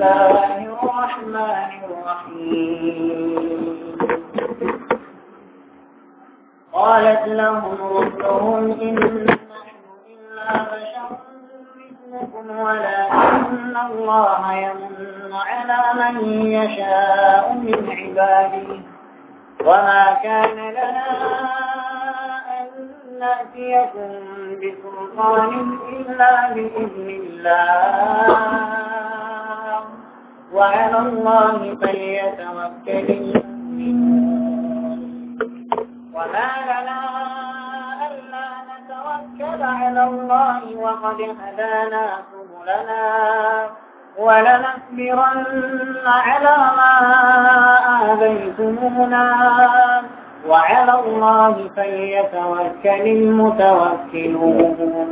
الله الرحمن الرحيم قالت لهم ربهم إن نحن إلا بشر مثلكم ولكن الله يمن على من يشاء من عباده وما كان لنا أن نأتيكم بسلطان إلا بإذن الله وعلى الله فليتوكل المؤمنون وما لنا ألا نتوكل على الله وقد هدانا سبلنا ولنصبرن على ما آذيتمونا وعلى الله فليتوكل المتوكلون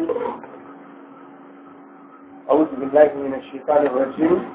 أعوذ بالله من الشيطان الرجيم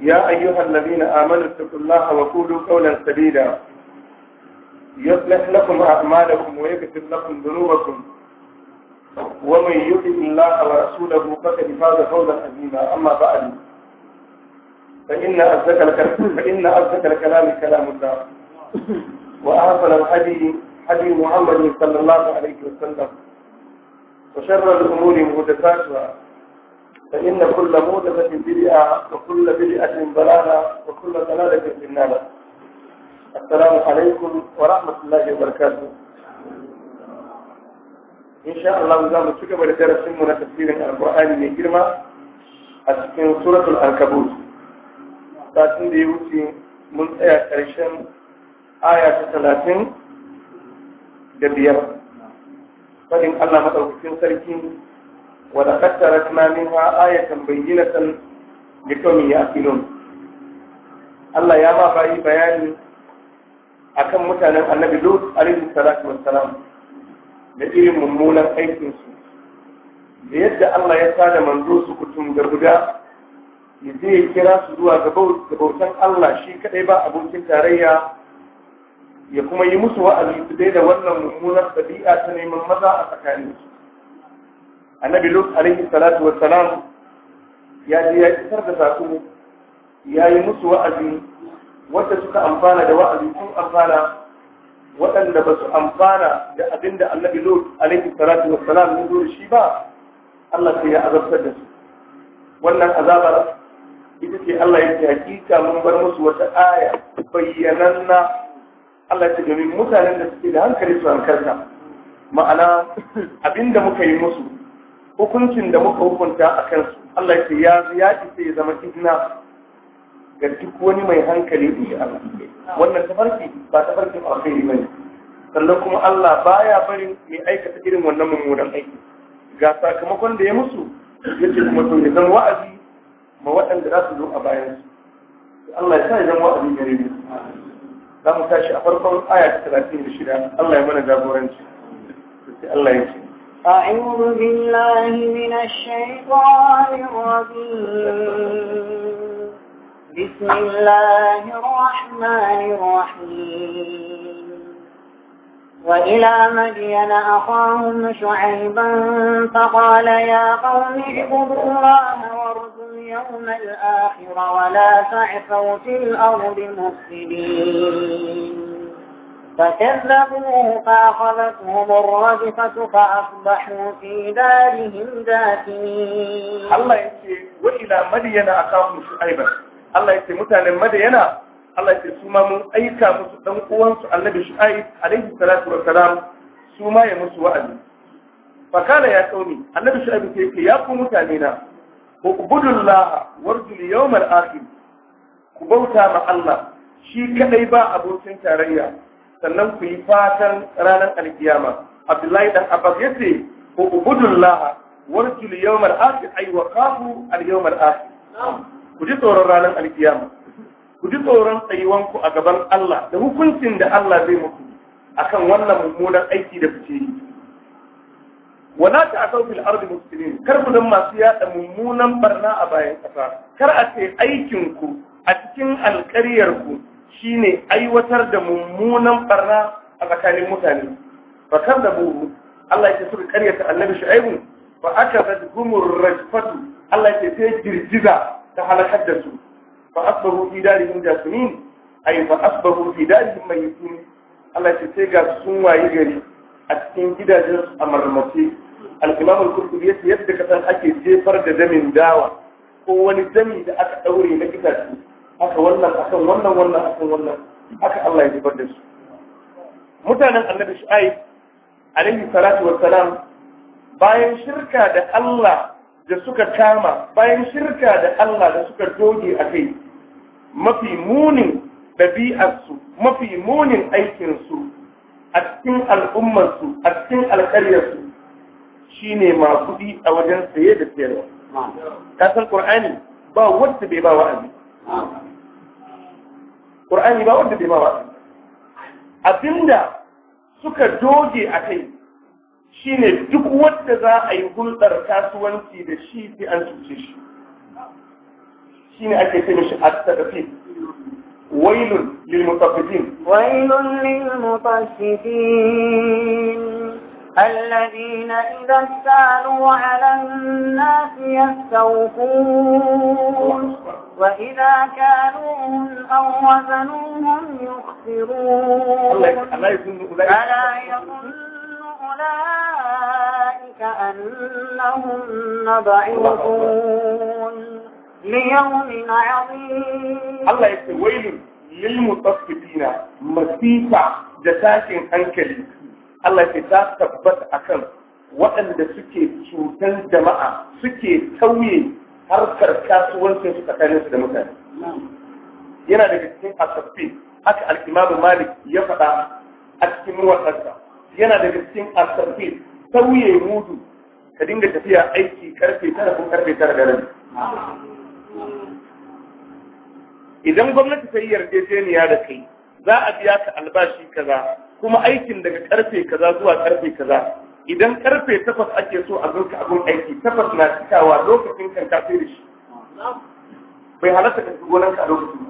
يا أيها الذين آمنوا اتقوا الله وقولوا قولا سديدا يصلح لكم أعمالكم ويكتب لكم ذنوبكم ومن يطع الله ورسوله فقد فاز فوزا عظيما أما بعد فإن أصدق فإن أصدق الكلام كلام الله وأحسن الحديث حديث محمد صلى الله عليه وسلم وشر الأمور محدثاتها فإن كل مودفة بدعة وكل بدعة ضلالة وكل ضلالة في النار السلام عليكم ورحمة الله وبركاته إن شاء الله za mu ci gaba da mu na tafsirin alƙur'ani mai girma a cikin suratul ankabut satin da ya wuce mun tsaya karshen aya ta talatin da biyar fadin allah maɗaukakin sarki ولقد تركنا منها آية بينة لقوم يعقلون الله يا ما باي بيان akan mutanen annabi Lut alaihi salatu wassalam da irin mummunan aikinsu. da yadda Allah ya sada manzo su kutum da guda ya je kira su zuwa ga bautan Allah shi kadai ba abokin tarayya ya kuma yi musu wa'azi su da wannan mummunar ɗabi'a ta neman maza a tsakaninsu annabi lut alaihi salatu wassalam ya je ya isar da sako ya yi musu wa'azi wanda suka amfana da wa'azi sun amfana waɗanda ba su amfana da abin da annabi lut alaihi salatu wassalam ya zo da shi ba Allah sai ya azabtar da su wannan azabar ita ce Allah yake hakika mun bar musu wata aya bayyananna Allah ya ce domin mutanen da suke da hankali su hankalta ma'ana abinda muka yi musu hukuncin da muka hukunta a kansu Allah ya ce ya ya sai ya zama kidna ga duk wani mai hankali da shi Allah wannan tafarki ba kai ne mai sannan kuma Allah baya barin mai aikata irin wannan mummunan aiki ga sakamakon da ya musu yace kuma to idan wa'azi ma waɗanda za su zo a bayan su Allah ya sa ya zama wa'azi gare mu za mu tashi a farkon aya ta 36 Allah ya mana jagoranci sai Allah ya ce أعوذ بالله من الشيطان الرجيم بسم الله الرحمن الرحيم وإلى مدين أخاهم شعيبا فقال يا قوم اعبدوا الله وارجوا اليوم الآخر ولا تعثوا في الأرض مفسدين فكذبوه فأخذتهم الرجفة فأصبحوا في دارهم جاثمين الله يتي وإلى مدين أخاهم شعيبا الله يتي متانا مدين Allah ce su ma mun aika musu dan uwansu Annabi Shu'aib alaihi salatu wa salam su musu wa'azi fakala ya kauni Annabi Shu'aib sai yake ya ku mutane na ubudullah warjul yawmal akhir ku bauta ma Allah shi kaɗai ba abokin tarayya sannan ku yi fatan ranar alkiyama abdullahi dan abbas yace ku ubudullaha warjul yawmal akhir ay wa qafu al yawmal akhir ku ji tsoron ranar alkiyama ku ji tsoron tsayuwanku a gaban Allah da hukuncin da Allah zai muku akan wannan mummunan aiki da kuke yi wala ta asau fil ardi muslimin kar ku dan masu yada mummunan barna a bayan kasa kar a ce aikin ku a cikin alƙaryar ku shine aiwatar da mummunan barna a tsakanin mutane Ba da kadabu Allah yake suka ta annabi shu'aibu fa akabat gumur rajfatu Allah yake sai girgiza ta halakar da su fa asbahu fi darihim jasimin ay fa asbahu fi darihim mayitun Allah yake sai ga sun waye gari a cikin gidajen su a marmace al-imam al-qurtubi yace yadda kasan ake jefar da damin dawa ko wani dami da aka daure na kitabi aka wannan akan wannan wannan akan wannan Aka Allah ya zubar da su mutanen annabi shu'aib alaihi salatu wassalam bayan shirka da Allah da suka kama bayan shirka da Allah da suka doge a kai mafi munin ɗabi'arsu mafi munin aikinsu a cikin al'ummarsu a cikin su shine ma kudi a wajen saye da sayarwa san ƙur'ani ba wanda bai ba wa'azi qur'ani ba wanda bai ba wa'azi abinda suka doge a kai shi ne duk wanda za a yi hulɗar kasuwanci da shi sai an cuce shi shine ake ce mishi at-tadfif wailun lil mutaffifin wailun lil mutaffifin الذين إذا استعلوا على الناس يستوفون وإذا كانوهم أو وزنوهم يخسرون ألا يظن أولئك أنهم مبعوثون ليوم عظيم الله يقول للمتصفين مسيطة جساك أنكلي Allah ya ta tabbata akan waɗanda suke cutar jama'a suke tauye harkar kasuwancin su tsakanin su da mutane yana daga cikin asafi haka al-Imam Malik ya faɗa a cikin wasansa yana daga cikin asafi tauye mudu ka dinga tafiya aiki karfe tara ko karfe tara da rabi idan gwamnati ta yi yarjejeniya da kai za a biya ka albashi kaza kuma aikin daga karfe kaza zuwa karfe kaza idan karfe takwas ake so a zurka abin aiki takwas na cikawa lokacin kan ka fere shi bai halatta ka gonan ka a lokacin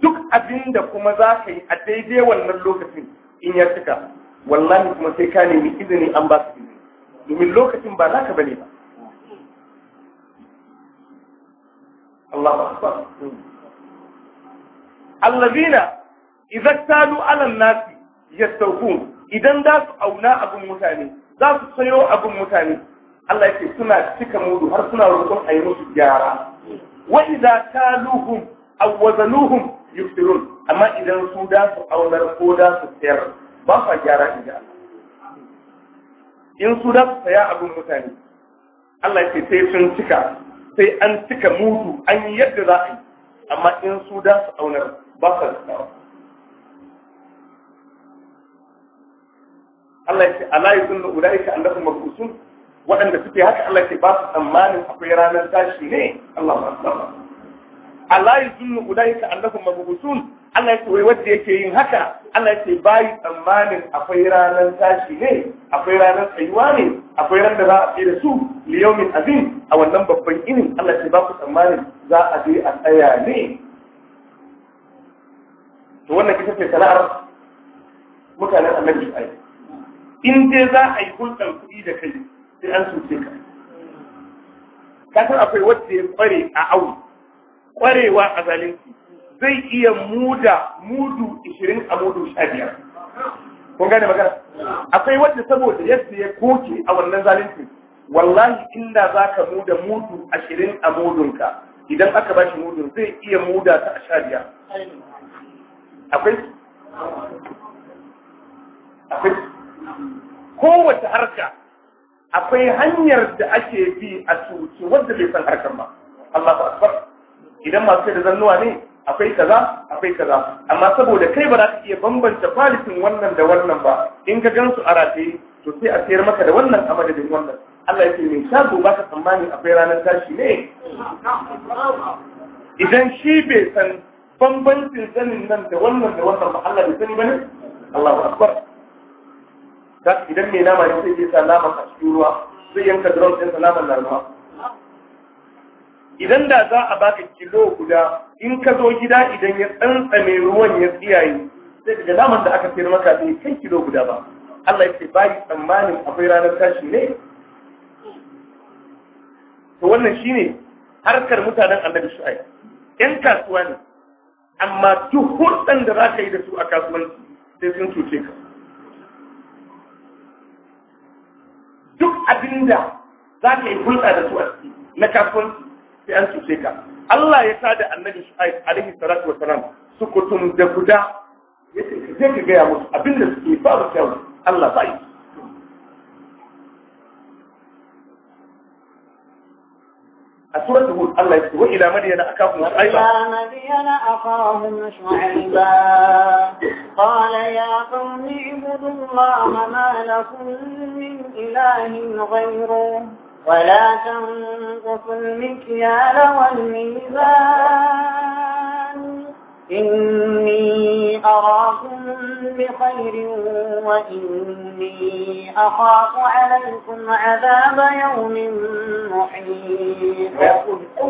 duk abin da kuma za ka yi a daidai wannan lokacin in ya cika wallahi kuma sai ka nemi izini an ba su izini domin lokacin ba ka bane ba ba. Allah akbar allazina idza talu ala nasi yastawfun idan za su auna abin mutane za su sayo abin mutane Allah yake suna cika mudu har suna roƙon a yi musu gyara wa idza taluhum aw wazaluhum yusirun amma idan su da su aunar ko da su sayar ba sa gyara inda in su da su saya abin mutane Allah yake sai sun cika sai an cika mudu an yi yadda za a yi amma in su da su aunar ba sa gyara Allah ya ce ala ce an annahum mabusun waɗanda suke haka Allah ya ce ba su tsammanin akwai ranar tashi ne Allah Allahu akbar ala ce an annahum mabusun Allah ya ce wai wanda yake yin haka Allah ya ce ba yi tsammanin akwai ranar tashi ne akwai ranar tsayuwa ne akwai ranar da za a fi da su liyaumin azim a wannan babban inin Allah ya ce ba ku tsammanin za a je a tsaya ne to wannan kisa ce sana'ar mutanen annabi shu'aib in dai za a yi hulɗar kuɗi da kai sai an soke ka ka san akwai wacce ya kware a aure kwarewa a zalunci zai iya muda mudu ishirin a mudu sha biyar kun gane magana akwai wacce saboda yadda ya koke a wannan zalunci wallahi inda za ka muda mudu ashirin a mudunka idan aka ba shi mudun zai iya muda ta a sha biyar akwai akwai kowace harka akwai hanyar da ake bi a cuci wadda bai san harkar ba Allahu akbar idan masu da zannuwa ne akwai kaza akwai kaza amma saboda kai ba za ka iya bambanta kwalitin wannan da wannan ba in ka gansu a rataye to sai a sayar maka da wannan a madadin wannan Allah ya ce mai shago ba ka tsammani akwai ranar tashi ne idan shi bai san bambancin sanin nan da wannan da wannan ba Allah bai sani ba ne Allahu akbar idan mai nama ne zai sa nama a cikin ruwa zai yanka drum ɗin sa naman na idan da za a baka kilo guda in ka zo gida idan ya tsantsame ruwan ya tsiyaye sai daga naman da aka sayar maka bai kai kilo guda ba Allah ya ce bai tsammanin akwai ranar tashi ne to wannan shine harkar mutanen annabi shu'aib yan kasuwa ne amma duk hulɗan da za ka yi da su a kasuwanci sai sun cuce ka duk abinda za ka yi hulɗa da su a ciki na kafin sai an cuce ka Allah ya tada annabi Shu'aib alaihi salatu wa salam su kutum da guda yake ka ka gaya musu abinda suke babu kyau Allah ba yi a suratul hud Allah ya ce wa ila madiyana akahum shu'aiba wa ila madiyana akahum shu'aiba qala ya qawmi ibudu Allah ma lakum min ilahin ghayru wa la tanqusu al mikyala wal mizan إني أراكم بخير وإني أخاف عليكم عذاب يوم محيط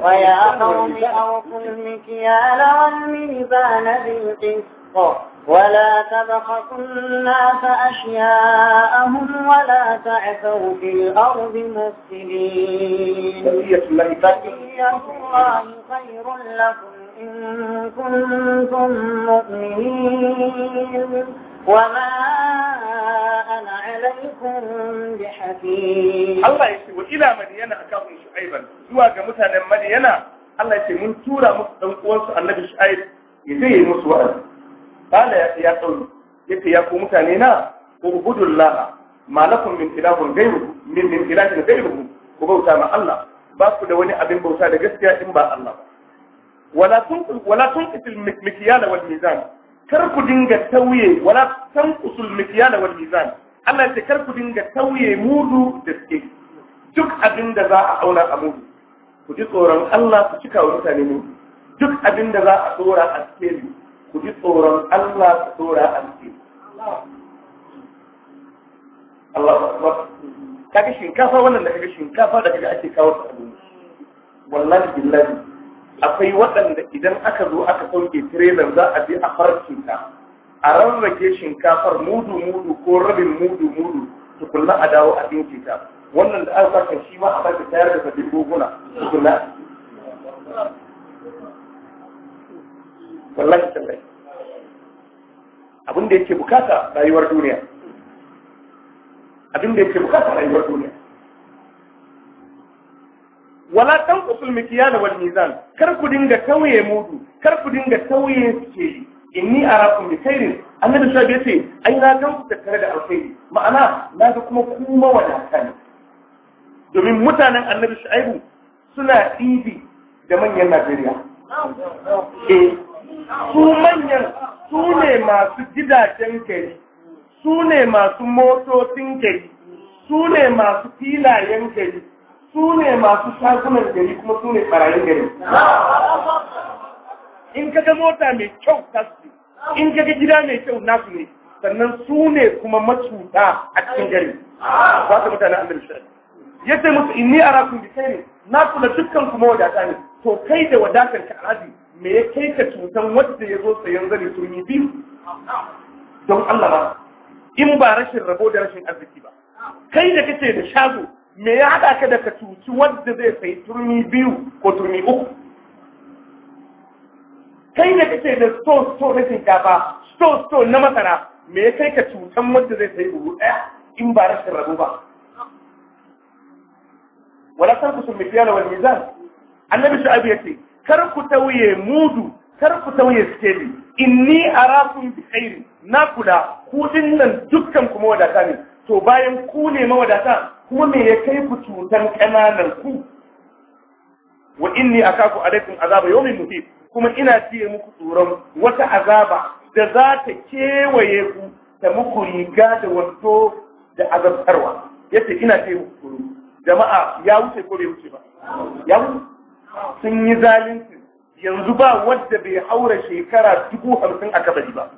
ويا قوم أوفوا المكيال والميزان بالقسط ولا تبخسوا الناس أشياءهم ولا تعثوا في الأرض مفسدين بقية الله خير لكم إن كنتم مؤمنين وما أنا عليكم بحفيظ الله يشي وإلى مدينة أكاهم شعيبا زوا كمثلا مدينة الله يشي من تورا مستنقوانس النبي شعيب يزيه مسوأل قال يا قوم يتي يا قوم متانينا اعبدوا الله ما لكم من إله غيره من من إله غيره ku bauta ma Allah ba ku da wani abin bauta da gaskiya in ba Allah wala tunqil wala tunqil kar ku dinga tauye wala Allah ya kar ku dinga tauye mudu da suke duk abin da auna a mudu ku ji tsoron Allah ku mutane ku ji tsoron Allah ku shinkafa da shinkafa ake kawo wallahi billahi akwai waɗanda idan aka zo aka sauke tirelar za a je a farcinta a rarrake shinkafar mudu-mudu ko rabin mudu-mudu tukunna a dawo a ɗinke ta wannan da aka saka shi ma a baki tayar da sabbin goguna tukunna wallahi tallahi abin da yake bukata rayuwar duniya abin da yake bukata rayuwar duniya wala tan miki mikiya da wani zan kar ku dinga tauye mudu kar ku dinga tauye suke inni arakum bi khairin annabi sabi ce, ai na gan ku tattare da alkhairi ma'ana na ga kuma ku mawadata ne domin mutanen annabi shu'aibu suna ɗibi da manyan Najeriya eh su manyan su ne masu gidajen gari su ne masu motocin gari su ne masu filayen gari su ne masu shagunan gari kuma su ne ɓarayin gari in ka mota mai kyau tasu in ka gida mai kyau nasu ne sannan su ne kuma macuta a cikin gari Za su mutane an dalilin ya sai musu ni a rakun bi ne na kula dukkan kuma wadata ne to kai da wadatar ka aji. me ya kai ka cutan wanda ya zo sayan zane turmi biyu don Allah ba in ba rashin rabo da rashin arziki ba kai da kace da shago me ya haɗa ka da ka cuci wanda zai sai turmi biyu ko turmi uku kai da kake da sto sto na shinkafa sto sto na masara me ya kai ka cutan wanda zai sai buhu ɗaya in ba rashin rabu ba wala san ku sun mifiyala wal zan? annabi ya ce kar ku tauye mudu kar ku tauye skeli inni arakum bi khairi na kula ku dinnan dukkan kuma wadata ne to bayan ku ne mawadata kuma me ya kai ku cutan ƙananan ku wa inni akaku alaikum azaba yawmin muhit kuma ina tiye muku tsoron wata azaba da za ta kewaye ku ta muku riga da wato da azabtarwa yace ina tiye muku tsoron jama'a ya wuce ko bai wuce ba ya wuce sun yi zalunci yanzu ba wadda bai haura shekara dubu hamsin a kabari ba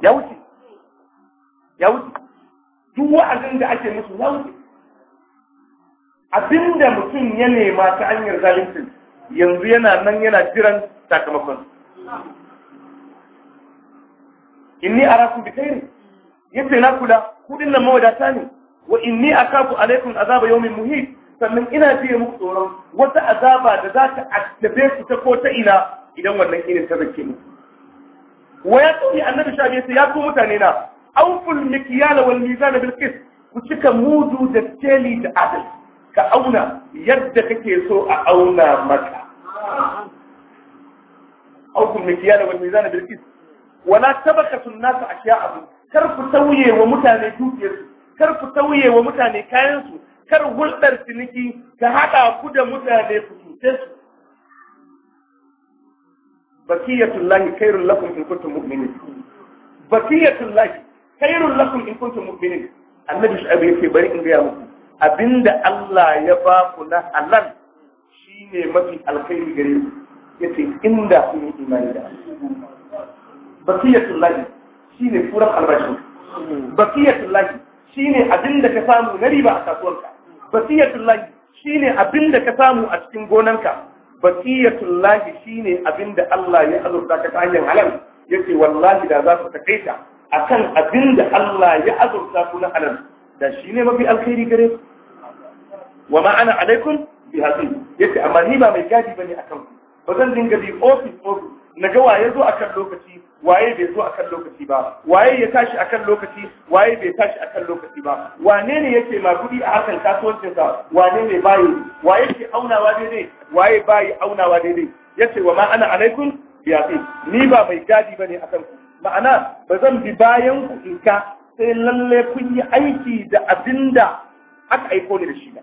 ya wuce ya wuce duk wa'azin da ake musu Abin abinda mutum ya nema ta hanyar zalunci yanzu yana nan yana jiran sakamakon inni arakum bi ya yace na kula kudin nan mawadata ne wa inni a alaikum azaba yawmin muhit sannan ina fiye muku tsoron wata azaba da za ta addabe ku ta ko ta ina idan wannan irin ta zake mu wa ya tsoki annabi shabi ya ku mutane na awful mikyala wal mizan bil qist ku cika mudu da teli da adal ka auna yadda kake so a auna maka awful mikyala wal mizan bil qist wala tabakatu an-nas ashya'ahum kar ku tauye wa mutane dukiyarsu kar ku tauye wa mutane kayansu kar hulɗar ciniki ka haɗa ku da mutane ku cuce su bakiyatullahi lahi lakum in kuntum mu'minin bakiyatullahi khairul lakum in kuntum mu'minin annabi shu'aib yace bari in gaya muku abinda Allah ya ba ku na halal shine mafi alkhairi gare ku yace inda ku yi imani da bakiyatul lahi shine furan albashin bakiyatul lahi shine abinda ka samu na riba a kasuwarka bakiyatul lahi shine abinda ka samu a cikin gonanka bakiyatul lahi shine abinda Allah ya azurta ka ta hanyar halal yace wallahi da za ku takaita akan abinda Allah ya azurta ku na halal da shi ne mafi alkhairi gare ku wa ma ana alaikum bi hadi yace amma ni ba mai gadi bane akan ku ba zan dinga bi office ko Naga waye zo akan lokaci waye bai zo akan lokaci ba waye ya tashi akan lokaci waye bai tashi akan lokaci ba wane ne yake magudi a hakan kasuwancin sa wane ne bayi waye ke aunawa daidai waye bayi aunawa daidai yace wa ma ana alaikum bi hadi ni ba mai gadi bane akan ku ma'ana ba zan bi bayan ku in ka sai lalle kun yi aiki da abin da aka aiko ni da shi ba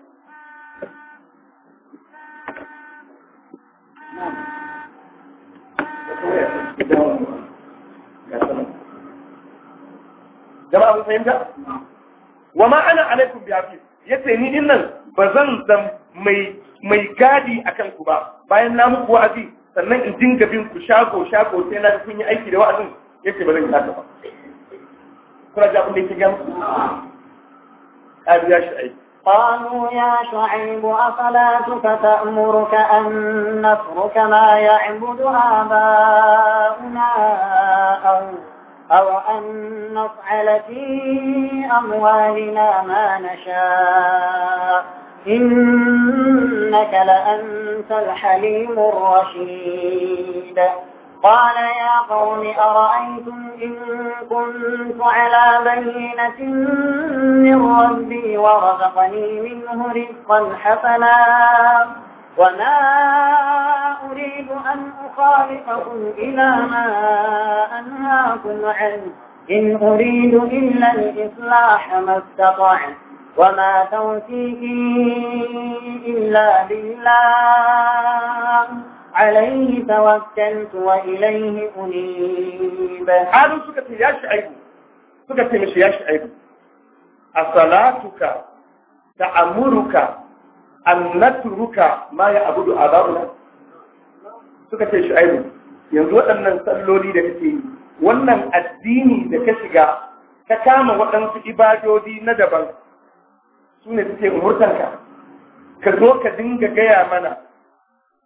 jama'a mun fahimta wa ma ana alaikum bi hafiz ce ni dinnan ba zan zan mai mai gadi a ku ba bayan na muku wa'azi sannan in dinga bin ku shago shago sai na kun yi aiki da wa'azin قالوا يا شعيب أصلاتك تأمرك أن نترك ما يعبد آباؤنا أو, أو أن نفعل في أموالنا ما نشاء إنك لأنت الحليم الرشيد قال يا قوم أرأيتم إن كنت على بينة من ربي ورزقني منه رزقا حسنا وما أريد أن أخالفكم إلى ما أنهاكم عنه إن أريد إلا الإصلاح ما استطعت وما توفيقي إلا بالله عليه توكلت وإليه أنيب هذا سكت يا شعيب سكت مش يا شعيب أصلاتك تأمرك أن نترك ما يعبد آباؤنا suka ce shu'aibu yanzu waɗannan salloli da kake yi wannan addini da ka shiga ka kama waɗansu ibadodi na daban Sune suke ka zo ka dinga gaya mana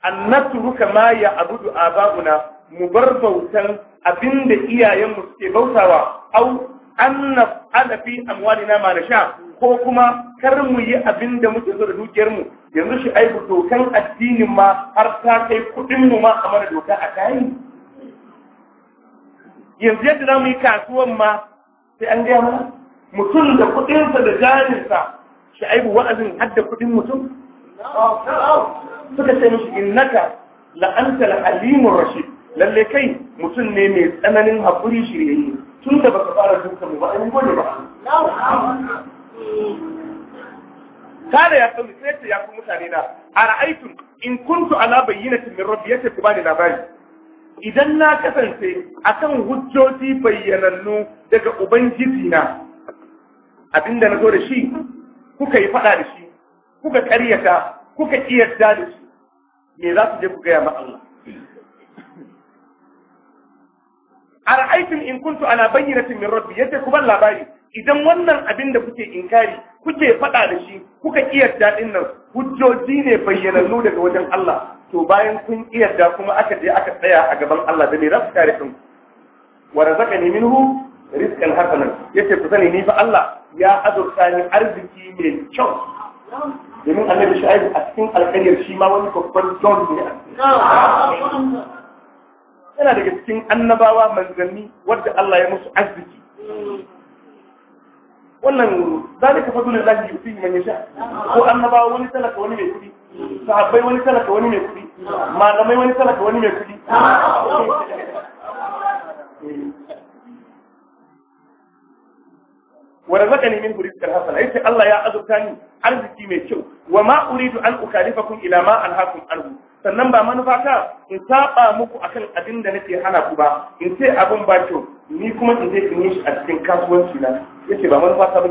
an natruka ma ya abudu ababuna mu bar bautan abinda iyayenmu suke bautawa au an ana fi amwalina ma nasha ko kuma kar mu yi abin da muke so da dukiyar mu yanzu shi aibu dokan addinin ma har ta kai kudin mu ma a mana doka a kayi yanzu yadda za mu yi kasuwan ma sai an gaya mana mutum da kudinsa da jarinsa shi ai wa'azin hadda kudin mutum suka ce musu innaka la'anta al rashid lalle kai mutum ne mai tsananin hakuri shiryayye tun da baka fara duka mu ba an gode ba kada ya san sai ta yafi mutane na ara'aytum in kuntu ala bayyinatin min rabbi yace ku bani labari idan na kasance akan hujjoji bayyanannu daga ubangiji na abinda na zo da shi kuka yi fada da shi kuka karyata kuka iya su me za su je ku gaya ma Allah ara'aytum in kuntu ala bayyinatin min rabbi yace ku ban labari idan wannan abin da kuke inkari kuke faɗa da shi kuka kiyarta daɗin nan hujjoji ne bayyanannu daga wajen Allah to bayan kun da kuma aka je aka tsaya a gaban Allah da me za su kare kanku wa razaqani minhu rizqan hasanan yace ku sani ni fa Allah ya azurta ni arziki mai kyau domin annabi shu'aibu a cikin alƙaryar shi ma wani babban john ne yana daga cikin annabawa manzanni wadda Allah ya musu arziki wannan zalika fadlullahi yuti man yasha ko annabawa wani talaka wani mai kudi sahabbai wani talaka wani mai kudi malamai wani talaka wani mai kudi wa razaqani min rizqan hasana yace Allah ya azurta ni arziki mai kyau wa ma uridu an ukalifakum ila ma anhaakum anhu sannan ba manufa ta in saba muku akan abin da nake hana ku ba in ce abin ba kyau ni kuma in je in yi shi a cikin kasuwanci na yace ba manufa ta ba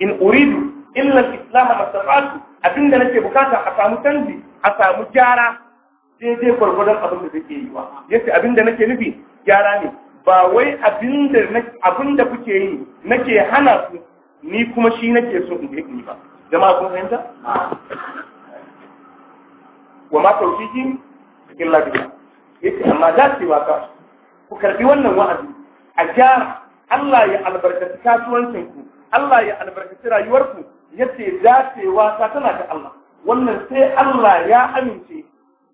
in uridu illa al-islam mastafatu abin da nake bukata a samu canji a samu gyara daidai gwargwadon abin da zai take yi wa yace abin da nake nufi gyara ne ba wai abin da kuke yi nake hana su ni kuma shi nake so in yi ba Jama kun fahimta wa ma tawfiqi cikin lafiya yake amma za su waka ku karbi wannan wa'azi a gyara Allah ya albarkaci kasuwancinku Allah ya albarkaci rayuwarku yace wa ka tana ka Allah wannan sai Allah ya amince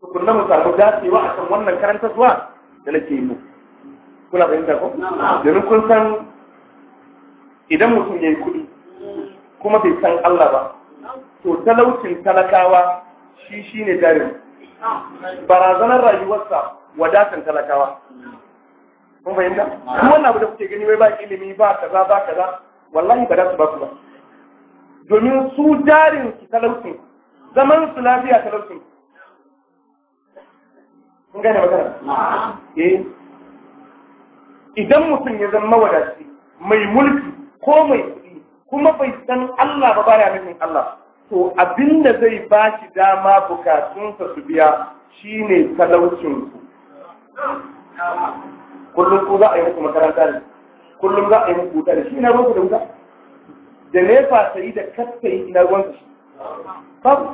tukunna mu wa a kan wannan zuwa da nake yi muku kuna fahimta ko domin kun san idan mutum ya yi kuɗi kuma bai san Allah ba to talaucin talakawa shi shi ne dare barazanar rayuwarsa wadatan talakawa kun fahimta kuma wannan abu da kuke gani wai ba ilimi ba kaza ba kaza wallahi ba za su ba su ba domin su jarin su talaucin zaman su lafiya talaucin kun gane magana eh idan mutum ya zama wadace mai mulki ko mai kuɗi kuma bai san Allah ba baya nufin Allah to abin da zai ba shi dama bukatunsa su biya shine talaucin ku kullum ko za a yi muku makaranta ne kullum za a yi muku wuta ne shi na ruwanku da wuta da nefa ta yi da kasta yi na ruwansa shi babu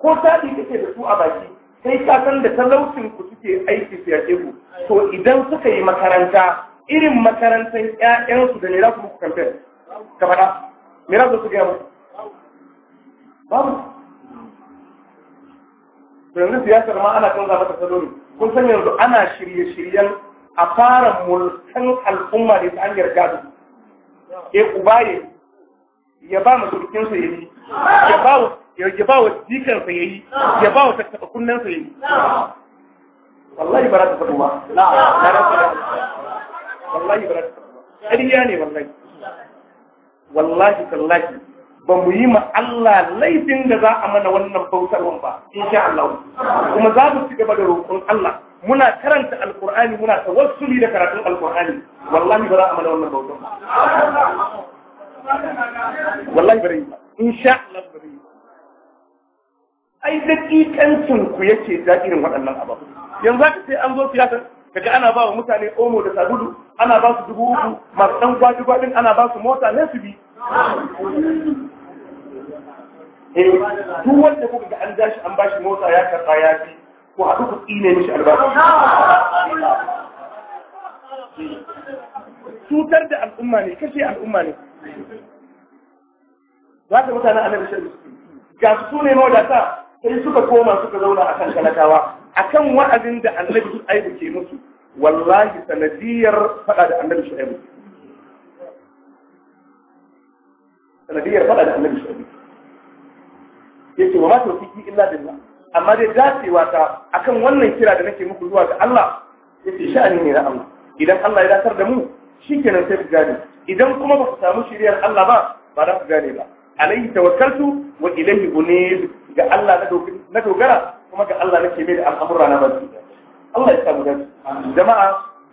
ko ta ke da su a baki kai ka san da talaucin ku suke aiki su yaƙe ku to idan suka yi makaranta irin makarantar ƴaƴansu da ne kuma ku muku kamfen ka faɗa me za su gaya Ba babu to yanzu siyasar ma ana kan mata salo ne kun san yanzu ana shirye-shiryen a fara mulkan al'umma da ta hanyar gado e eh, ubaye ya ba mu sulkinsa ya yi ya ba mu ya ba wa jikarsa ya yi ya ba wa tattaba kunnensa ya yi wallahi ba za ta faɗo ba na wallahi ba za ta faɗo ba ƙarya ne wallahi wallahi tallahi ba mu yi ma Allah laifin da za a mana wannan bautarwan ba insha Allah kuma za mu ci gaba da roƙon Allah muna karanta alqur'ani muna tawassuli da karatun alqur'ani wallahi ba za a mana wannan bautar wallahi ba insha Allah ai dakikancin ku yake da irin waɗannan abu yanzu haka sai an zo siyasa kaga ana ba wa mutane omo da sabulu ana ba su dubu uku masu ɗan gwaji ana ba su mota na su bi eh, duk wanda kuka ga an dashi an bashi mota ya karɓa ya fi ko haɗu ku tsine mishi albashi cutar da al'umma ne kashe al'umma ne za ka mutane annabi shirin ga su ne mawadata sai suka koma suka zauna a kan talakawa a kan wa'azin da annabi shu'aibu ke musu wallahi sanadiyar faɗa da annabi shu'aibu sanadiyar faɗa da annabi shu'aibu yake wa ma tawfiqi illa billah amma dai dacewa ta akan wannan kira da nake muku zuwa ga Allah ce sha'ani ne na Allah idan Allah ya datar da mu shikenan sai ku gane idan kuma ba ku samu shiriyar Allah ba ba za ku gane ba alaihi tawakkaltu wa ilaihi unib ga Allah na dogara kuma ga Allah na mai da al'amura na baki Allah ya samu dace jama'a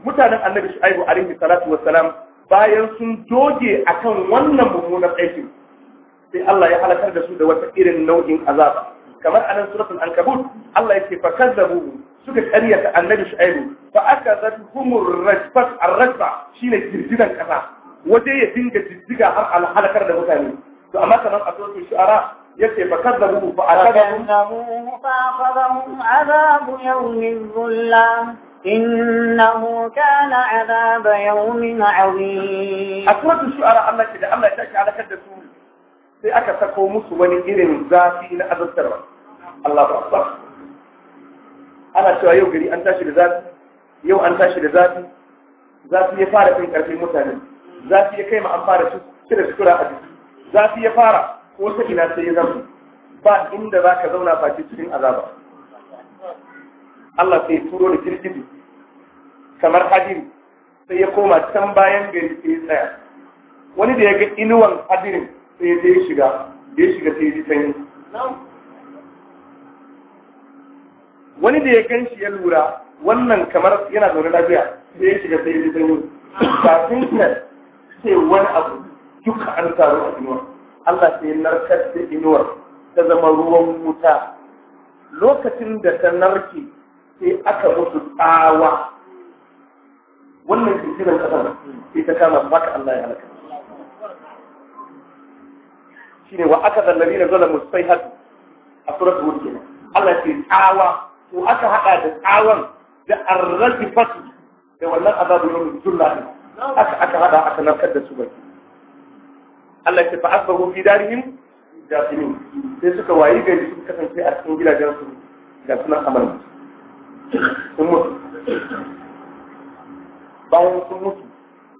mutanen annabi shu'aibu alaihi salatu wa Salam, bayan sun doge akan wannan mummunan aikin sai Allah ya halakar da su da wata irin nau'in azaba kamar anan suratul ankabut Allah ya yake fa kazzabu suka karyata annabi shu'aibu fa akazatuhumur rajfat ar-rajfa shine girgidan kasa waje ya dinga jiddiga har alhalakar da mutane to amma kamar a suratul shu'ara yace fa kadzabu fa akadahu fa akhadhahum adhabu yawmin zullam إنه كان عذاب يوم عظيم أكرة الشعراء الله كده الله يتاكي على كده سوري sai aka sako musu wani irin zafi na azabtarwa Allah ba ba ana cewa yau gari an tashi da zafi yau an tashi da zafi zafi ya fara kai karfin mutane zafi ya kai ma an fara cire sutura a jiki zafi ya fara wata ina sai ya zama ba inda za ka zauna face cikin azaba Allah sai turo da kirkiti kamar hadiri sai ya koma can bayan gari sai ya tsaya wani da ya ga inuwan hadirin sai ya je shiga ya shiga sai ya ji sanyi wani da ya gan shi ya lura wannan kamar yana zaune lafiya sai ya shiga sai ya ji sanyi kafin ka ce wani abu duka an taru a inuwan Allah sai narkar da inuwar ta zama ruwan wuta lokacin da ta narke sai aka musu tsawa wannan fitinan kasar sai ta kama maka Allah ya halaka ne wa aka zallari na zala musai hadu a suratul hud kenan Allah ce tsawa to aka haɗa da tsawan da arrajifatu da wannan azabu yawmin julla aka haɗa hada aka narkar da su baki Allah ya fa asbahu fi darihim jasimin sai suka wayi gari suka kasance a cikin gidajen su ga sunan amal sun mutu bayan sun mutu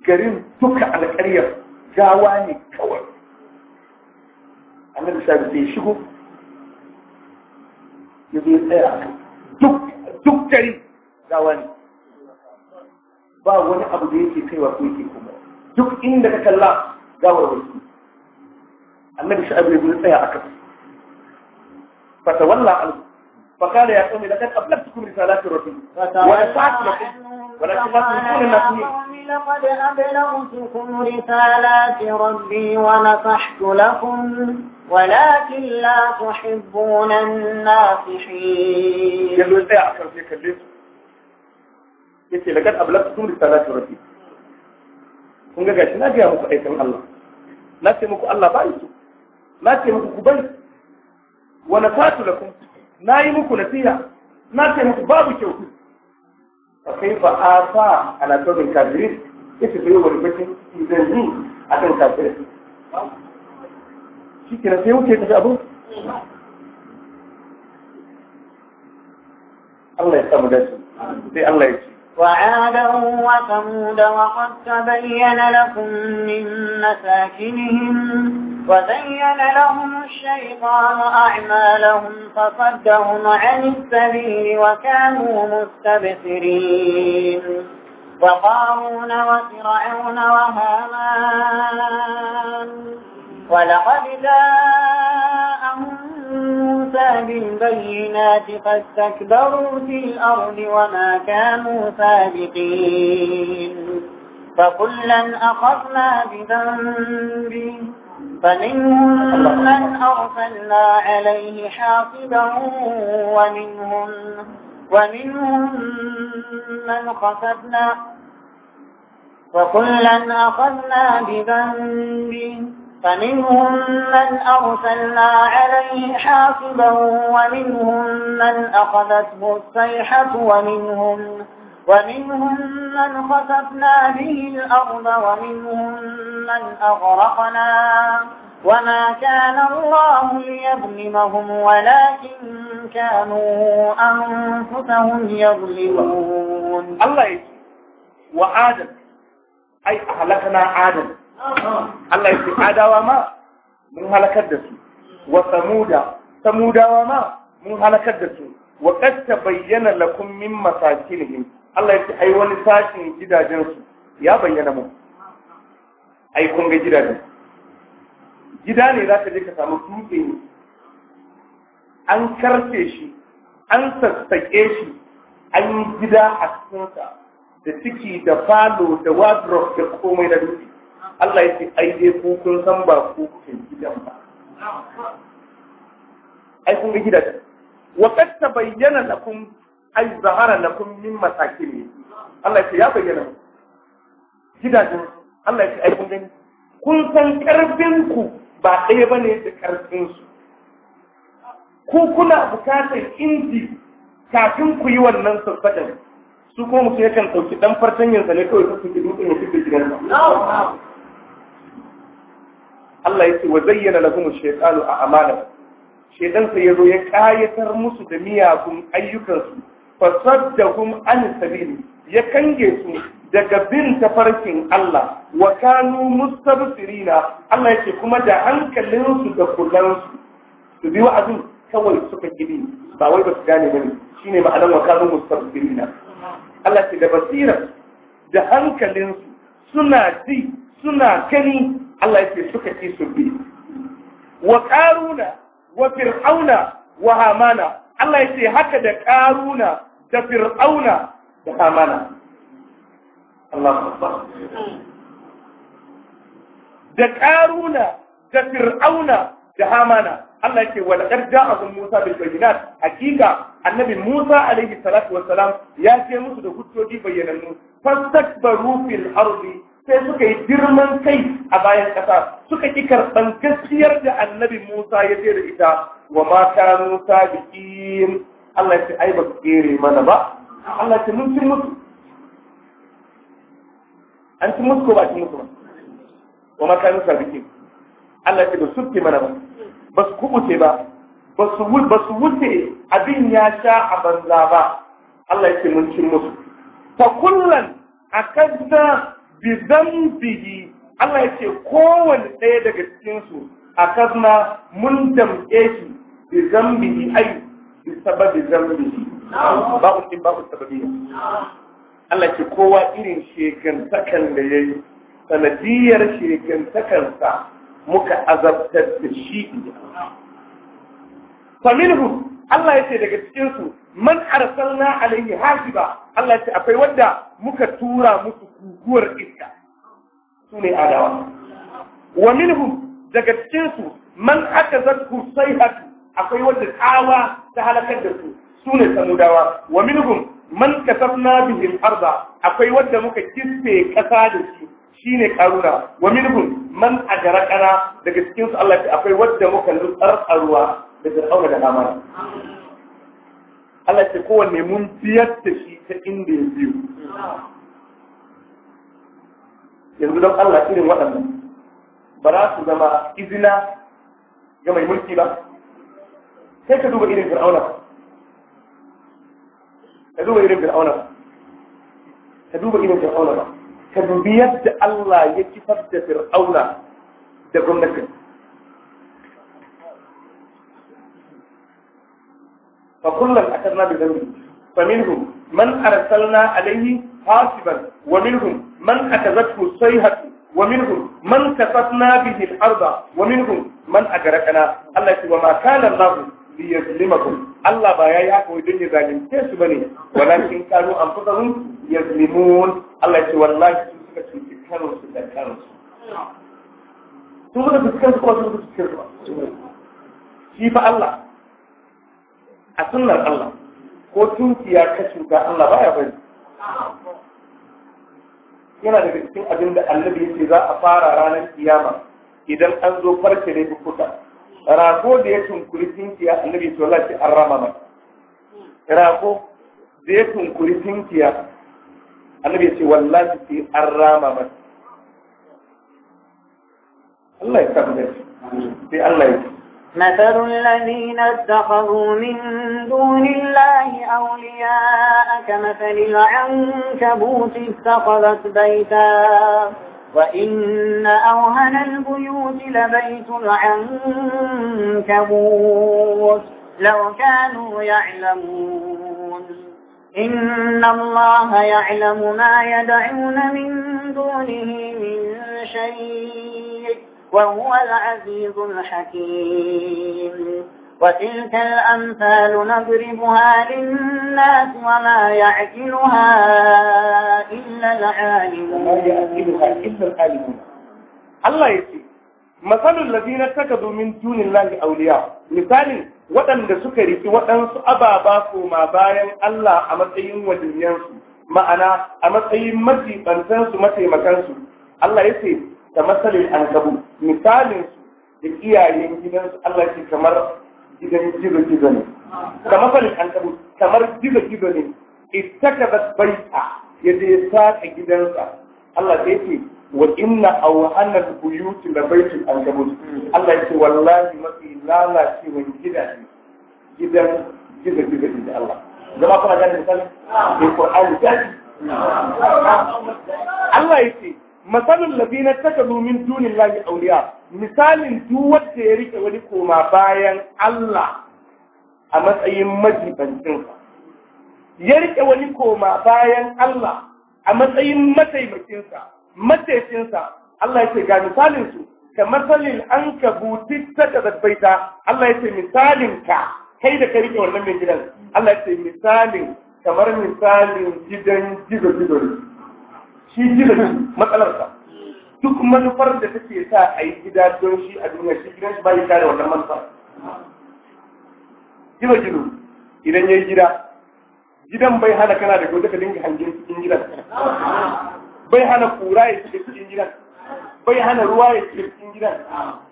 garin duka alƙaryar gawa ne kawai annabi shabi sai shigo ya zo tsaya duk gari gawa ne ba wani abu da yake kaiwa ko yake kuma duk inda ka kalla gawar wasu annabi shi abu ne tsaya a kan fa ta walla al fa kana ya kuma lakat ablaktu risalati rabbi wa sa'atu lakum wa la tafatu kullu nasi laqad ablaktu risalati rabbi wa nasahtu lakum walakin la tuhibbuna an-nasihin yallo tsaya a karfe kalle yace lakat ablaktu risalati rabbi kun ga gashi na ga muku aikin Allah na ce muku Allah ba na ce muku ku bai wa na satu da lakum na yi muku nasiha na ce muku babu a kai fa kaifa afa ala tawbil kafirin ita bai wani bakin idan a kan kafirin shi ke na sai wuce ta abu Allah ya samu يسمى sai Allah ya يسمى وعادا وثمود وقد تبين لكم من مساكنهم وزين لهم الشيطان أعمالهم فصدهم عن السبيل وكانوا مستبصرين وقارون وفرعون وهامان ولقد جاءهم موسى بالبينات فاستكبروا في الأرض وما كانوا سابقين فكلا أخذنا بذنبه فمنهم من أرسلنا عليه حافظا ومنهم, ومنهم من خسفنا وكلا أخذنا بذنبه فمنهم من أرسلنا عليه حافظا ومنهم من أخذته الصيحة ومنهم من ومنهم من خسفنا به الأرض ومنهم من أغرقنا وما كان الله ليظلمهم ولكن كانوا أنفسهم يظلمون الله وآدم أي أهلكنا آدم الله يقول آدم وما من هلكت وثمود ثمود وما من هلكت وقد تبين لكم من مساكنهم Allah ya ce ai wani sashin gidajen su ya bayyana mu ai kun ga gidajen gida ne zaka je ka samu dutse ne an karfe shi an sassaƙe shi an yi gida a cikinsa da ciki da falo da wardrobe da komai da dutse Allah ya ce ai dai ku kun san ba ku kuke gidan ba ai kun ga gidajen wa qad tabayyana lakum Aizahara zahara lakum min ne. Allah ya bayyana gidajen Allah ya ai kun gani kun san karfin ku ba ɗaya ba ne da karfin su ku kuna bukatar inji kafin ku yi wannan sassaƙin su kuma mutum yakan ɗauki ɗan yansa ne kawai sassu ke dutsen ya fito gidan Allah ya ce wa zayyana zuma shaytanu a amana Shedansa sai zo ya kayatar musu da miyagun ayyukansu fasaddahum an sabili ya kange su daga bin tafarkin Allah wa kanu mustabsirina Allah yake kuma da hankalinsu da kullansu su bi wa'azin kawai suka gidi ba wai ba su gane bane shine ma'anar wa kanu mustabsirina Allah ce da basira da hankalinsu suna ji suna gani Allah yake suka ci su bi wa karuna wa fir'auna wa hamana Allah yake haka da karuna da fir'auna da amana Allah da ƙaruna da fir'auna da hamana Allah yake wa laqad ja'ahum Musa bil bayyinat hakika annabi Musa alaihi salatu wassalam ya ce musu da hujjoji bayyanannu fastakbaru fil ardi sai suka yi girman kai a bayan ƙasa suka ki karɓan gaskiyar da annabi Musa ya je da ita wa ma kanu sabiqin Allah ya ce ai ba su kere mana ba Allah ya ce mun ci musu an ci musu ko ba ci musu ba wa makarin biki? Allah ya ce ba su ke mana ba ba su kubuce ba ba su wuce abin ya sha a banza ba Allah ya ce mun cin musu fa kullan akadda bi zambihi Allah ya ce kowane ɗaya daga cikinsu a kasna mun damƙe shi bi zambihi ai بسبب ذنبه باو الدين باو السببية Allah ke kowa irin shekantakan da ya yi, sanadiyar shekantakansa muka azabtar da shi faminhu Allah ya ce daga cikinsu man arsalna alaihi hasiba Allah ya ce akwai wanda muka tura musu guguwar iska su ne adawa wa minhum daga cikinsu man aka zarku sai akwai wanda tsawa ta halakar da su su ne samudawa wa minhum man kasafna bihim arda akwai wanda muka kisfe kasa da shi shine karuna wa minhum man kana daga cikin su Allah akwai wanda muka lutsar ruwa da fir'auna da amana Allah ce kowanne mun biyar da shi ta inda ya biyu yanzu don Allah irin waɗannan ba za su zama izina ga mai mulki ba sai ka duba irin fir'auna ka duba irin fir'auna ka duba irin fir'auna ba ka dubi yadda Allah ya kifar da fir'auna da gwamnatin fa kullum akarna bi dhanbi fa minhum man arsalna alayhi hasiban wa minhum man akazathu sayhatu ومنهم من كسفنا به الأرض ومنهم من أجركنا الله وما كان الله bi yazlimakum Allah ba yayi haka wai don ya zalunce su bane walakin kanu anfusahum yazlimun Allah ya ce wallahi su suka cuci kansu da kansu su suka cuci kansu ko su suka cuci kansu shi fa Allah a sunnar Allah ko tunkiya ka shuka Allah baya bari yana daga cikin abin da ya ce za a fara ranar kiyama idan an zo farce ne bukuta rago da ya tunkuri tinkiya annabi to alaihi an rama mai rago da ya tunkuri tinkiya annabi ce wallahi fi an rama mai Allah ya samu da sai Allah ya مثل الذين اتخذوا من دون الله أولياء كمثل العنكبوت اتخذت بيتا وإن أوهن البيوت لبيت العنكبوت لو كانوا يعلمون إن الله يعلم ما يدعون من دونه من شيء وهو العزيز الحكيم وتلك الأمثال نضربها للناس وما يعقلها إلا العالمون illa al-alimun Allah yace masalul ladina domin min dunillahi awliya misalin waɗanda suka riki waɗansu ababa koma bayan Allah a matsayin waliyansu ma'ana a matsayin majibantansu mataimakansu Allah ya ce da masalin ankabu misalin su da iyayen gidansu Allah ce kamar gidan gizo-gizo ne da masalin ankabu kamar gizo-gizo ne ittakabat baita ya je saka gidansa Allah sai ce wa inna awhanal buyuti la baitul ankabut Allah ya ce wallahi mafi lalace lalacewan gidaje gidan gizo gizo da Allah zama kuna gane misali da Qur'ani gaji Allah ya ce masalul ladina takadu min dunillahi awliya misalin duk wanda ya rike wani koma bayan Allah a matsayin majibancin ya rike wani koma bayan Allah a matsayin mataimakinsa mataimakinsa Allah ya ce ga misalin su ka matsalin an ka buti ta da ta. Allah ya ce misalin ka kai da kai rike wannan mai gidan Allah ya ce misalin kamar misalin gidan jigo-jigo shi jigo matsalarsa duk manufar da take sa a yi gida don shi a duniya shi gidan shi ba ya kare wannan manufar. jigo-jigo idan ya yi gida gidan bai hana kana da gobe ka dinga hangin cikin gidan bai hana kura ya shiga cikin gidan bai hana ruwa ya shiga cikin gidan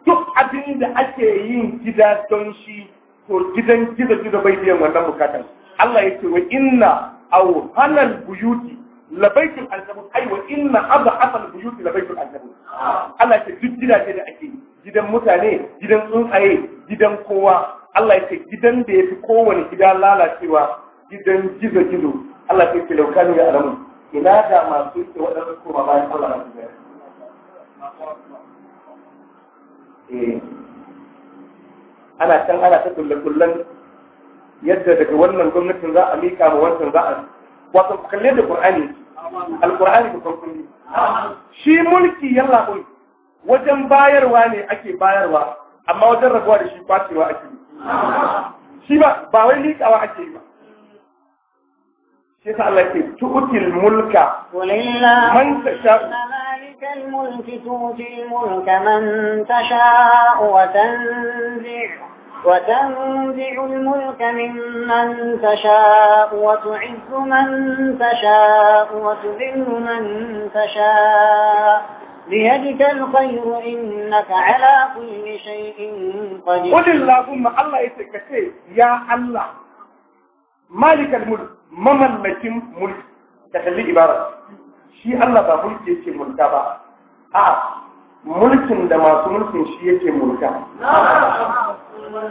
duk abin da ake yin gida don shi to gidan gida gida bai biyan wannan bukatan Allah ya ce wa inna aw hanal buyuti labaitul ankabut ai wa inna adha asal buyuti labaitul ankabut Allah ya ce duk gidaje da ake gidan mutane gidan tsuntsaye gidan kowa Allah ya ce gidan da ya fi kowane gida lalacewa gidan gizo gizo Allah ya ce ne ya alamu ina da masu yake waɗanda su koma bayan Allah na su gaya eh. ana can ana ta kulle-kullen yadda daga wannan gwamnatin za a mika ma wancan za a wato kalle da Qur'ani alqur'ani da kun shi mulki yalla kun wajen bayarwa ne ake bayarwa amma wajen rabuwa da shi kwacewa ake yi shi ba ba wai likawa ake yi ba shi sa Allah ke tu'til mulka man مالك الملك تؤتي الملك من تشاء وتنزع وتنزع الملك ممن تشاء وتعز من تشاء وتذل من تشاء بيدك الخير إنك على كل شيء قدير قل اللهم الله يتكتي يا الله مالك الملك mamallakin mulki da kalli ibara shi Allah ba mulki yake mulka ba a'a mulkin da masu mulkin shi yake mulka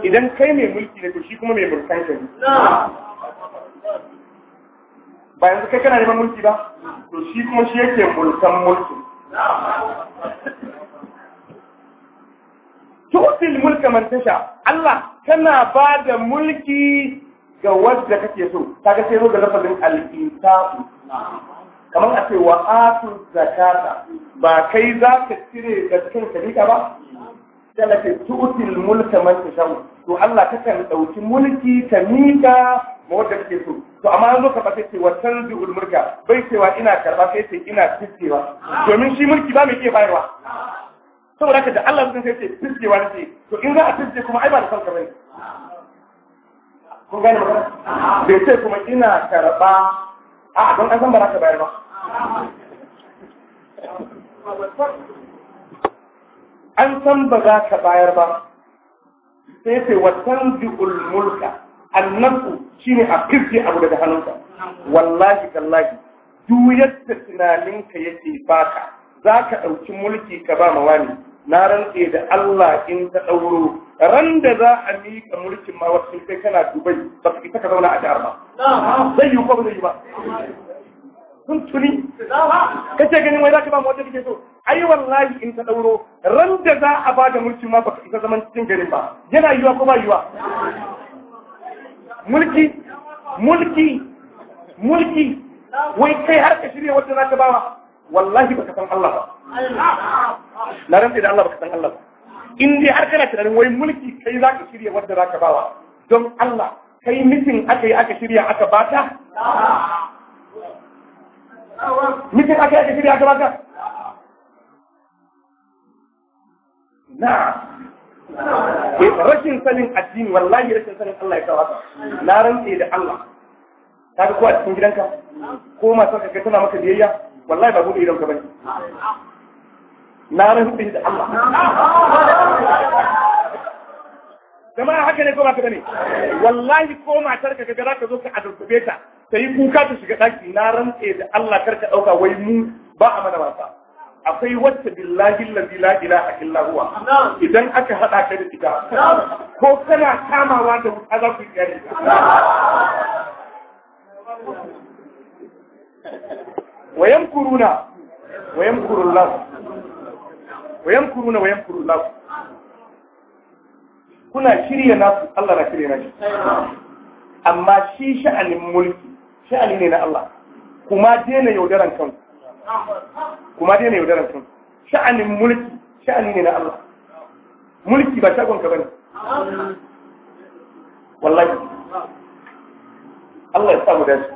idan kai mai mulki ne to shi kuma mai mulkan ka ba yanzu kai kana neman mulki ba to shi kuma shi yake mulkan mulki tu'til mulka man tasha Allah kana ba da mulki ga wanda kake so ga sai zo da lafazin al kamar a ce wa atu zakata ba kai za ka cire da cikin shari'a ba sai la ce tu'til mulka man tashau to Allah kan dauki mulki ta mika ma wanda kake so to amma an zo ka fata ce wa tarji'ul mulka bai cewa ina karba sai ce ina fiskewa domin shi mulki ba mai iya bayarwa saboda haka da Allah sun sai ce fiskewa ne to in za a fiske kuma ai ba da son ka bane kun gane bai ce kuma ina karɓa a don an san ba ka bayar ba an san ba za ka bayar ba sai sai wa biul mulka shi ne a kirje abu daga hannunka wallahi tallahi duk yadda tunaninka yake baka za ka ɗauki mulki ka ba mawani na rantse da Allah in ka ɗauro ran da za a miƙa mulkin ma wasu kai kana dubai ba su ita ka zauna a jihar ba zai yi ko ba zai yi ba sun tuni kace ganin wai za ka ba mu da ke so ai wallahi in ta ɗauro ran da za a ba da mulkin ma ba ka isa zaman cikin garin ba yana yiwa ko ba yiwa mulki mulki mulki wai kai har ka shirya wajen za ka bawa wallahi ba ka san Allah ba na rantsi da Allah baka san Allah ba in dai har kana tunanin wai mulki kai za ka shirya wadda za ka bawa don Allah kai mitin aka yi aka shirya aka bata mitin aka yi aka shirya aka bata na eh, rashin sanin addini wallahi rashin sanin Allah ya kawo na rantsi da Allah ta ga kowa a cikin gidanka ko masu kakai tana maka biyayya wallahi ba bude idonka bane na rantsi da Allah jama'a haka ne ko ba ka bane wallahi ko matar ka kaga zaka zo ka adurbe ta sai kuka ta shiga ɗaki? na rantsi da Allah karka ɗauka, wai mu ba a mana wasa akwai wacce billahi allazi la ilaha illa huwa idan aka haɗa ka da ita ko kana kamawa da wuta za ku yi wa yamkuruna Wayan kurun Allah Wayan kuru na wayan kuru Allah kuna shirya nasu Allah na shirya nashi amma shi sha'anin mulki sha'ani ne na Allah kuma daina yaudaran kan kuma daina yaudaran kan sha'anin mulki sha'ani ne na Allah mulki ba shagon ka bane wallahi Allah ya samu dace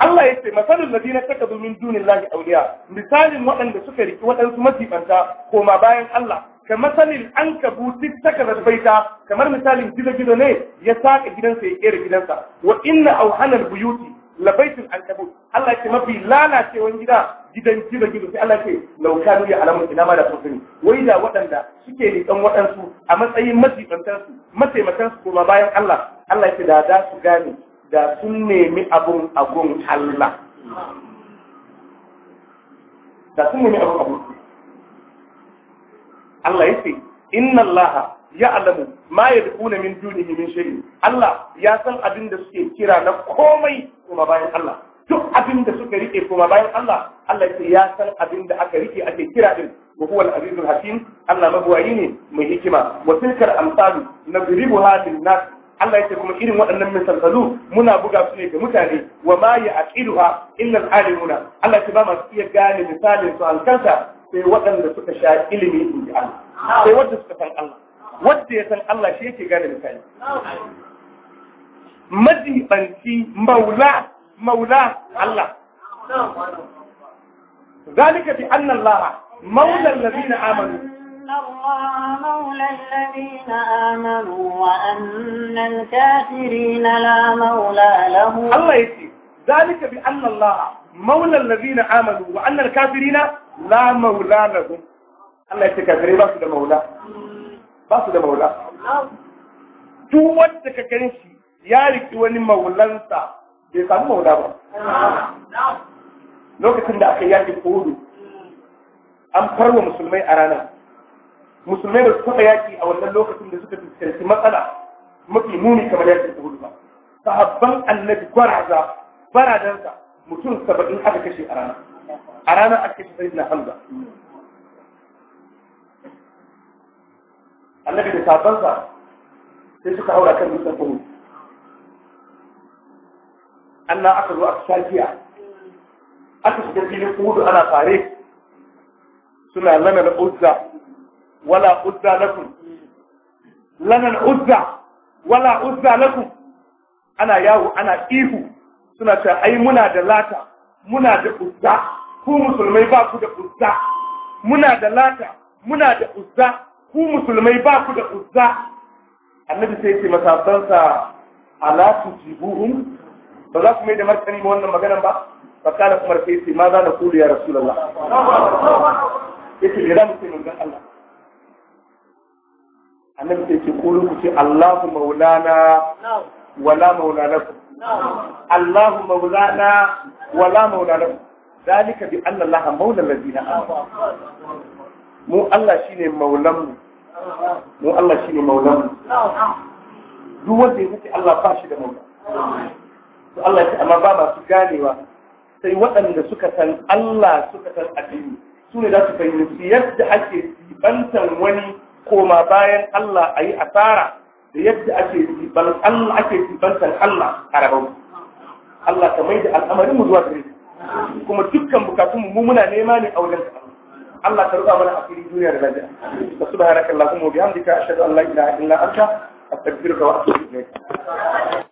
Allah ya ce masalul ladina takadu min dunillahi awliya misalin waɗanda suka riki waɗansu masibanta koma bayan Allah ka masalin an kabuti saka baita kamar misalin gizo-gizo ne ya saka gidansa ya kera gidansa wa inna auhanar buyuti labaitin an kabut Allah ce mafi lalacewan gida gidan gizo-gizo sai Allah ce laukanu ya alamun ina ma da sosai wai da waɗanda suke rikan waɗansu a matsayin masibantarsu mataimakansu koma bayan Allah Allah ce da za su gane da sun nemi abun agun Allah da sun nemi abun agun Allah ya ce inna Allah ya alamu ma ya dukuna min dunihi min shay'in Allah ya san abin da suke kira na komai kuma bayan Allah duk abin da suka rike kuma bayan Allah Allah ya ya san abin da aka rike ake kira din وهو العزيز الحكيم الله مبوعين من حكمة وتلك الأمثال نضربها للناس Allah ya ce kuma irin waɗannan misalsalu muna buga su ne ga mutane wa ma ya aqiduha illa al-alimuna Allah ya ce ba masu iya gane misalin su alkansa sai waɗanda suka sha ilimi in ji Allah sai wanda suka san Allah wanda ya san Allah shi yake gane misali majibanci maula maula Allah ذلك بأن الله مولى الذين آمنوا الله مولى الذين آمنوا وأن الكافرين لا مولى له الله يسي ذلك بأن الله مولى الذين آمنوا وأن الكافرين لا مولى لهم الله يسي كافرين باسو دا مولى باسو دا مولى duk wanda ka gan shi ya riki wani maulansa bai samu maula ba lokacin da aka yaki kudu an farwa musulmai a ranar musulmai da suka yaki a wannan lokacin da suka fuskanci matsala mafi muni kamar yaki da hudu ba sahabban annabi gwaraza baradansa mutum saba'in aka kashe a rana a rana aka kashe sai na hamza annabi da sahabbansa sai suka haura kan dutsen uhud anna aka zo a sha aka shiga filin uhudu ana fare suna lana na uzza wala uzza lakum lana uzza wala uzza lakum ana yawo ana ihu suna ta ai muna da lata muna da uzza ku musulmai ba da uzza muna da lata muna da uzza ku musulmai ba da uzza annabi sai ce masabansa za ku mai da martani ba wannan maganan ba fa kana kuma sai ce ma za na kulu ya rasulullah yace me za mu ce mun Allah annabi sai ce kulu ku ce Allahu maulana wala maulana ku Allahu maulana wala maulana ku zalika bi anna Allah maula ladina amanu mu Allah shi ne mu mu Allah shine maulan mu duk wanda yake Allah ba shi da maula to Allah ya amma ba masu ganewa sai waɗanda suka san Allah suka san addini su ne za su fahimci yadda ake sibantan wani koma bayan Allah a yi asara da yadda ake tiban Allah ake tibantan Allah a rabau Allah ka mai da al'amarin mu zuwa gare kuma dukkan bukatun mu muna nema ne a wajen ka Allah ka ruba mana asiri duniya da lafiya da subhanakallahumma wa bihamdika ashhadu an la ilaha illa anta astaghfiruka wa atubu ilayk